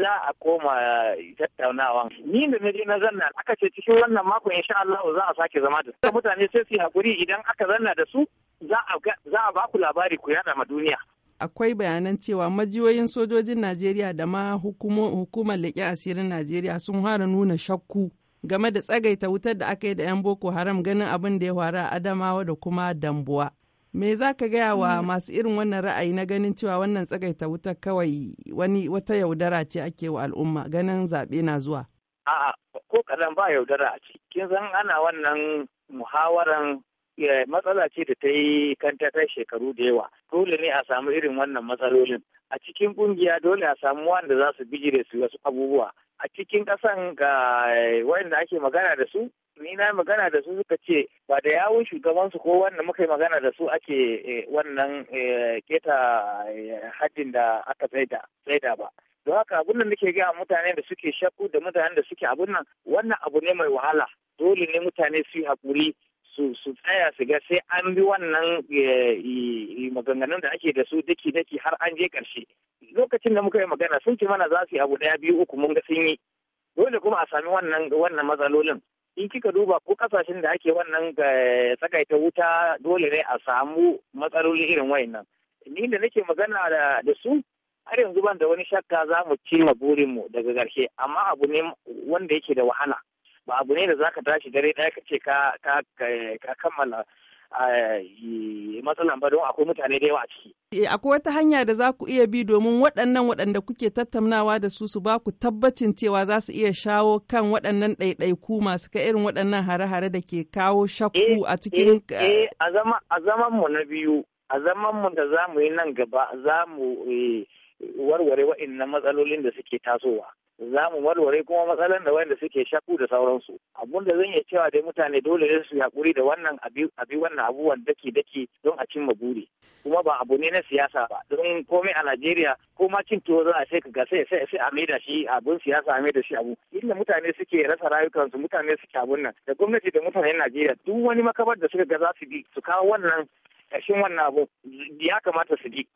za a koma tattaunawa ni da na je na zanna aka ce cikin wannan makon insha Allah za a sake zama da su mutane sai su hakuri idan aka zanna da su za a ba ku labari ku yada ma duniya akwai bayanan cewa majiyoyin sojojin Najeriya da ma hukumar leƙen asirin Najeriya sun fara nuna shakku game da tsagaita wutar da aka yi da 'yan Boko Haram ganin abin da ya faru a Adamawa da kuma Dambuwa. Me za ka gaya wa mm. masu irin wannan ra'ayi na ganin cewa wannan tsagaita wuta kawai wani wata yaudara ce ake wa al'umma ganin zaɓe na zuwa? A'a, ko kaɗan ba yaudara a ciki. Kin san ana wannan muhawaran matsala ce da ta yi kanta ta shekaru da yawa dole ne a samu irin wannan matsalolin a cikin kungiya dole a samu wanda za su bijire su wasu abubuwa a cikin kasan ga eh, wanda ake magana da su ni na magana da su suka ce ba da yawun shugabansu ko wanda muka yi magana da su ake eh, wannan eh, keta haddin da aka tsaida ba don haka abin da nake gaya mutane da suke shakku da mutanen da suke abin nan wannan abu ne mai wahala dole ne mutane su yi haƙuri su tsaya su ga sai an bi wannan eh, maganganun da ake da su daki daki har an je karshe lokacin da muka yi magana sun ce mana za su yi abu ɗaya biyu uku mun ga sun yi dole kuma a sami wannan wannan matsalolin in kika duba ko kasashen da ake wannan eh, tsakaita wuta dole ne a samu matsaloli irin wayannan ni da nake magana da su har yanzu ban da wani shakka za mu cimma burinmu daga ƙarshe amma abu ne wanda yake da wahala ba abu ne da zaka tashi dare ɗaya ka ce ka kammala eh, matsalan ba don akwai mutane da yawa a ciki. Eh, akwai wata hanya da za ku iya bi domin waɗannan waɗanda kuke tattaunawa da su su ba ku tabbacin cewa za su iya shawo kan waɗannan ɗaiɗaiku masu ka irin waɗannan hare-hare da ke kawo shakku eh, a cikin. a zaman mu na biyu, a zaman mu da za mu yi nan gaba za mu warware wa'annan matsalolin da suke tasowa za mu warware kuma matsalan da wanda suke shaku da sauransu abun da zan iya cewa dai mutane dole ne su hakuri da wannan abi wannan abubuwan daki daki don a cimma buri kuma ba abu ne na siyasa ba don komai a Najeriya ko ma cin tuwo za a sai ga sai sai sai a da shi abun siyasa a da shi abu inda mutane suke rasa rayukansu mutane suke abun nan da gwamnati da mutanen Najeriya duk wani makabar da suka ga za su bi su kawo wannan ƙarshen wannan abu ya kamata su bi